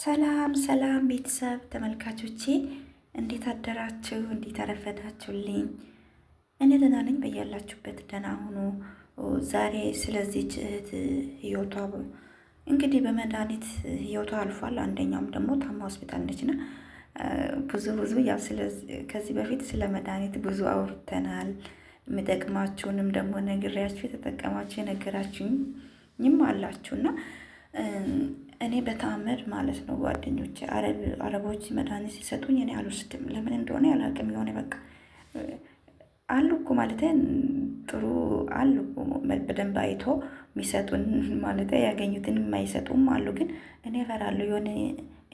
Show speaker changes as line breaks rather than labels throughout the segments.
ሰላም ሰላም ቤተሰብ ተመልካቾቼ እንዴት አደራችሁ? እንዴት አረፈዳችሁልኝ? እኔ ደህና ነኝ። በያላችሁበት ደህና ሁኑ። ዛሬ ስለዚች እህት ህይወቷ እንግዲህ በመድኃኒት ህይወቷ አልፏል። አንደኛውም ደግሞ ታማ ሆስፒታል ነችና ብዙ ብዙ ያው ከዚህ በፊት ስለ መድኃኒት ብዙ አውርተናል። የሚጠቅማችሁንም ደግሞ ነግሬያችሁ የተጠቀማችሁ የነገራችሁኝም አላችሁና እኔ በተአምር ማለት ነው ጓደኞች አረቦች መድኃኒት ሲሰጡኝ እኔ አልወስድም። ለምን እንደሆነ ያላቅም የሆነ በቃ አሉ እኮ ማለት ጥሩ አሉ በደንብ አይቶ የሚሰጡን ማለት ያገኙትን የማይሰጡም አሉ። ግን እኔ እፈራለሁ የሆነ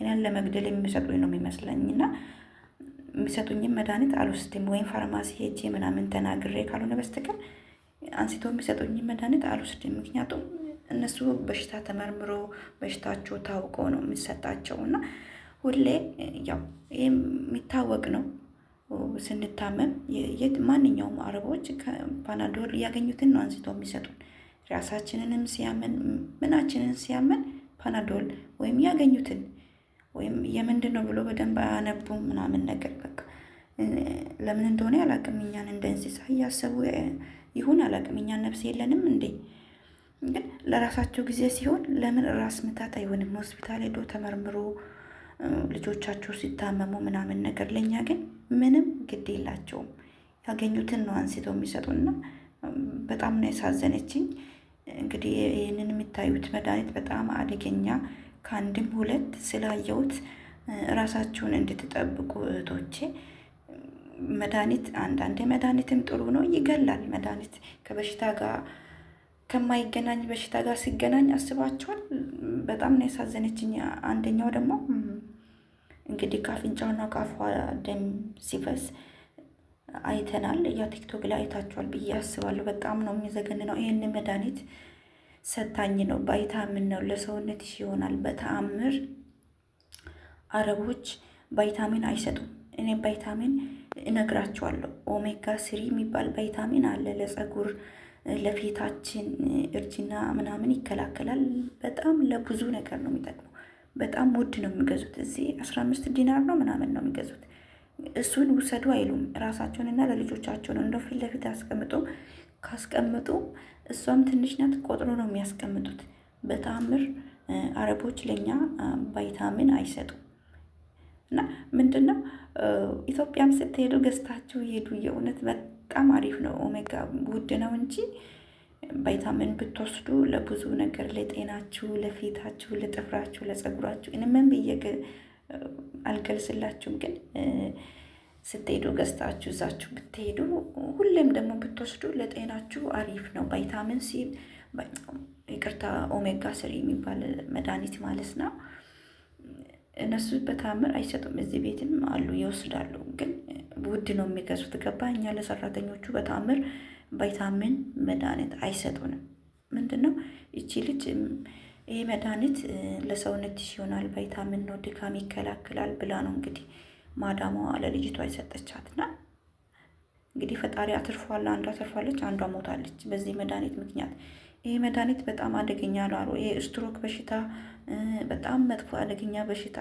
እኔን ለመግደል የሚሰጡኝ ነው የሚመስለኝ እና የሚሰጡኝም መድኃኒት አልወስድም። ወይም ፋርማሲ ሄጄ ምናምን ተናግሬ ካልሆነ በስተቀር አንስቶ የሚሰጡኝም መድኃኒት አልወስድም ምክንያቱም እነሱ በሽታ ተመርምሮ በሽታቸው ታውቆ ነው የሚሰጣቸው እና ሁሌ ያው ይህ የሚታወቅ ነው። ስንታመም ማንኛውም አረቦች ፓናዶል ያገኙትን ነው አንስቶ የሚሰጡን። ራሳችንንም ሲያመን ምናችንን ሲያመን ፓናዶል ወይም ያገኙትን ወይም የምንድን ነው ብሎ በደንብ አያነቡም ምናምን ነገር በቃ ለምን እንደሆነ አላቅም። እኛን እንደ እንስሳ እያሰቡ ይሁን አላቅም። እኛ ነፍስ የለንም እንዴ? ግን ለራሳቸው ጊዜ ሲሆን ለምን ራስ ምታት አይሆንም? ሆስፒታል ሄዶ ተመርምሮ ልጆቻቸው ሲታመሙ ምናምን ነገር። ለእኛ ግን ምንም ግድ የላቸውም። ያገኙትን ነው አንስተው የሚሰጡና በጣም ነው ያሳዘነችኝ። እንግዲህ ይህንን የምታዩት መድኃኒት በጣም አደገኛ ከአንድም ሁለት ስላየሁት ራሳችሁን እንድትጠብቁ እህቶቼ። መድኃኒት አንዳንዴ መድኃኒትም ጥሩ ነው፣ ይገላል። መድኃኒት ከበሽታ ጋር ከማይገናኝ በሽታ ጋር ሲገናኝ አስባችኋል። በጣም ነው ያሳዘነችኝ። አንደኛው ደግሞ እንግዲህ ከአፍንጫውና ከአፏ ደም ሲፈስ አይተናል። ያ ቲክቶክ ላይ አይታችኋል ብዬ አስባለሁ። በጣም ነው የሚዘገን ነው። ይህን መድኃኒት ሰታኝ ነው፣ ቫይታሚን ነው፣ ለሰውነት ይሆናል። በተአምር አረቦች ቫይታሚን አይሰጡም። እኔ ቫይታሚን እነግራቸዋለሁ። ኦሜጋ ስሪ የሚባል ቫይታሚን አለ ለጸጉር ለፊታችን እርጅና ምናምን ይከላከላል። በጣም ለብዙ ነገር ነው የሚጠቅመው። በጣም ውድ ነው የሚገዙት። እዚህ አስራ አምስት ዲናር ነው ምናምን ነው የሚገዙት። እሱን ውሰዱ አይሉም። ራሳቸውንና ለልጆቻቸው ነው እንደው ፊት ለፊት አስቀምጦ ካስቀምጡ እሷም ትንሽ ናት፣ ቆጥሮ ነው የሚያስቀምጡት። በተአምር አረቦች ለእኛ ቫይታሚን አይሰጡም። እና ምንድነው ኢትዮጵያም ስትሄዱ ገዝታችሁ ሄዱ። የእውነት በጣም አሪፍ ነው። ኦሜጋ ውድ ነው እንጂ ቫይታሚን ብትወስዱ ለብዙ ነገር ለጤናችሁ፣ ለፊታችሁ፣ ለጥፍራችሁ፣ ለጸጉራችሁ እንምን ብዬ አልገልጽላችሁም። ግን ስትሄዱ ገዝታችሁ እዛችሁ ብትሄዱ ሁሌም ደግሞ ብትወስዱ ለጤናችሁ አሪፍ ነው። ቫይታሚን ሲ ይቅርታ፣ ኦሜጋ ስሪ የሚባል መድኃኒት ማለት ነው። እነሱ በታምር አይሰጡም። እዚህ ቤትም አሉ ይወስዳሉ ግን ውድ ነው የሚገዙት። ገባ? እኛ ለሰራተኞቹ በተአምር ቫይታሚን መድኃኒት አይሰጡንም። ምንድን ነው ይቺ ልጅ ይሄ መድኃኒት ለሰውነትሽ ይሆናል፣ ቫይታሚን ነው፣ ድካም ይከላከላል ብላ ነው እንግዲህ ማዳሟ ለልጅቷ አይሰጠቻትና እንግዲህ ፈጣሪ አትርፏል። አንዷ አትርፋለች፣ አንዷ ሞታለች በዚህ መድኃኒት ምክንያት። ይሄ መድኃኒት በጣም አደገኛ ነው ይሄ ስትሮክ በሽታ በጣም መጥፎ አደገኛ በሽታ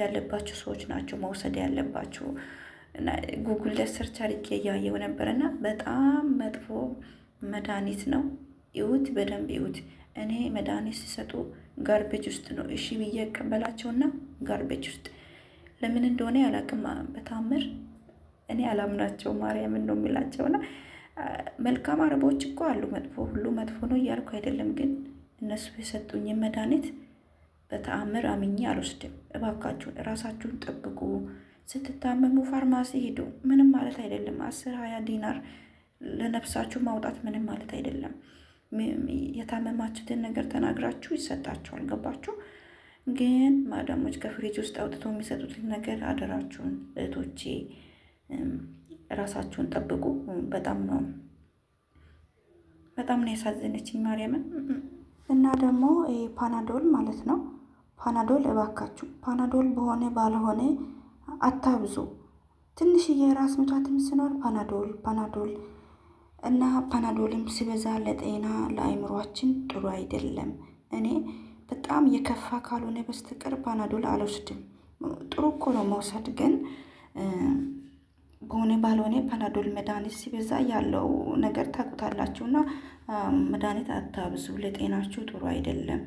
ያለባቸው ሰዎች ናቸው መውሰድ ያለባቸው። ጉግል ላይ ሰርች አድርጌ እያየው ነበር እና በጣም መጥፎ መድኃኒት ነው። እዩት፣ በደንብ እዩት። እኔ መድኃኒት ሲሰጡ ጋርቤጅ ውስጥ ነው እሺ ብዬ እቀበላቸውና ጋርቤጅ ውስጥ ለምን እንደሆነ ያላቅም በታምር እኔ አላምናቸው ማርያምን ነው የሚላቸውና መልካም አረቦች እኮ አሉ። መጥፎ ሁሉ መጥፎ ነው እያልኩ አይደለም፣ ግን እነሱ የሰጡኝ መድኃኒት በተአምር አምኜ አልወስድም። እባካችሁን ራሳችሁን ጠብቁ። ስትታመሙ ፋርማሲ ሂዱ። ምንም ማለት አይደለም። አስር ሀያ ዲናር ለነፍሳችሁ ማውጣት ምንም ማለት አይደለም። የታመማችሁትን ነገር ተናግራችሁ ይሰጣችኋል። ገባችሁ? ግን ማዳሞች ከፍሪጅ ውስጥ አውጥቶ የሚሰጡትን ነገር አደራችሁን እህቶቼ፣ ራሳችሁን ጠብቁ። በጣም ነው በጣም ነው ያሳዘነችኝ ማርያምን። እና ደግሞ ፓናዶል ማለት ነው ፓናዶል እባካችሁ ፓናዶል በሆነ ባልሆነ አታብዙ። ትንሽዬ ራስ ምታትም ሲኖር ፓናዶል ፓናዶል እና ፓናዶልም ሲበዛ ለጤና ለአይምሯችን ጥሩ አይደለም። እኔ በጣም የከፋ ካልሆነ በስተቀር ፓናዶል አልወስድም። ጥሩ እኮ ነው መውሰድ፣ ግን በሆነ ባልሆነ ፓናዶል መድኃኒት ሲበዛ ያለው ነገር ታውቁታላችሁ እና መድኃኒት አታብዙ፣ ለጤናችሁ ጥሩ አይደለም።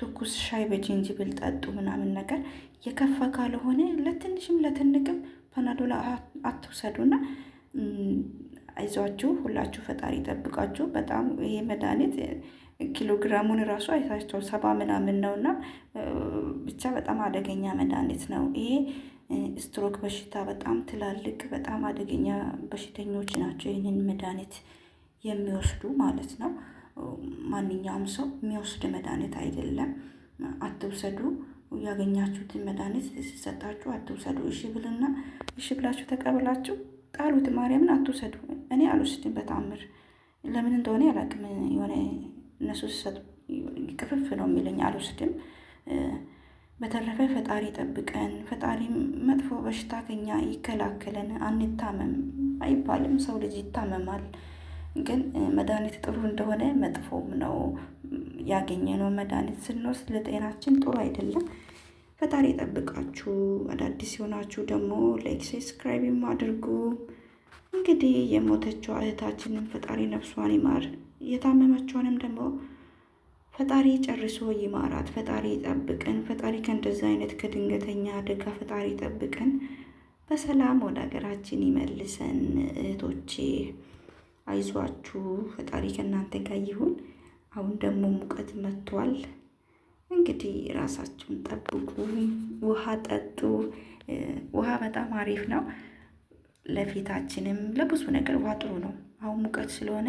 ትኩስ ሻይ በጅንጅብል ጠጡ ምናምን ነገር የከፋ ካልሆነ ለትንሽም ለትንቅም ፓናዶላ አትውሰዱና አይዟችሁ፣ ሁላችሁ ፈጣሪ ጠብቃችሁ። በጣም ይሄ መድኃኒት ኪሎግራሙን ራሱ አይታቸው ሰባ ምናምን ነው እና ብቻ በጣም አደገኛ መድኃኒት ነው ይሄ። ስትሮክ በሽታ በጣም ትላልቅ በጣም አደገኛ በሽተኞች ናቸው ይህንን መድኃኒት የሚወስዱ ማለት ነው። ማንኛውም ሰው የሚወስድ መድኃኒት አይደለም። አትውሰዱ፣ ያገኛችሁትን መድኃኒት ሲሰጣችሁ አትውሰዱ። እሺ ብልና እሺ ብላችሁ ተቀብላችሁ ጣሉት። ማርያምን አትውሰዱ። እኔ አልወስድም በታምር ለምን እንደሆነ ያላቅም የሆነ እነሱ ሲሰጡ ቅፍፍ ነው የሚለኝ፣ አልወስድም። በተረፈ ፈጣሪ ጠብቀን፣ ፈጣሪ መጥፎ በሽታ ከኛ ይከላከለን። አንታመም አይባልም፣ ሰው ልጅ ይታመማል። ግን መድኃኒት ጥሩ እንደሆነ መጥፎም ነው። ነው። መድኃኒት ስንወስድ ለጤናችን ጥሩ አይደለም። ፈጣሪ ጠብቃችሁ። አዳዲስ የሆናችሁ ደግሞ ላይክ ሰብስክራይብም አድርጉ። እንግዲህ የሞተችው እህታችንን ፈጣሪ ነፍሷን ይማር፣ የታመመችውንም ደግሞ ፈጣሪ ጨርሶ ይማራት። ፈጣሪ ጠብቀን። ፈጣሪ ከእንደዚህ አይነት ከድንገተኛ አደጋ ፈጣሪ ጠብቀን፣ በሰላም ወደ ሀገራችን ይመልሰን እህቶቼ። አይዟችሁ፣ ፈጣሪ ከእናንተ ጋር ይሁን። አሁን ደግሞ ሙቀት መጥቷል። እንግዲህ ራሳችሁን ጠብቁ፣ ውሃ ጠጡ። ውሃ በጣም አሪፍ ነው ለፊታችንም፣ ለብዙ ነገር ውሃ ጥሩ ነው። አሁን ሙቀት ስለሆነ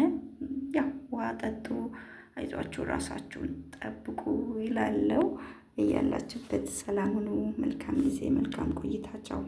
ያ ውሃ ጠጡ፣ አይዟችሁ፣ ራሳችሁን ጠብቁ ይላለው። እያላችሁበት ሰላም ሁኑ። መልካም ጊዜ፣ መልካም ቆይታቸው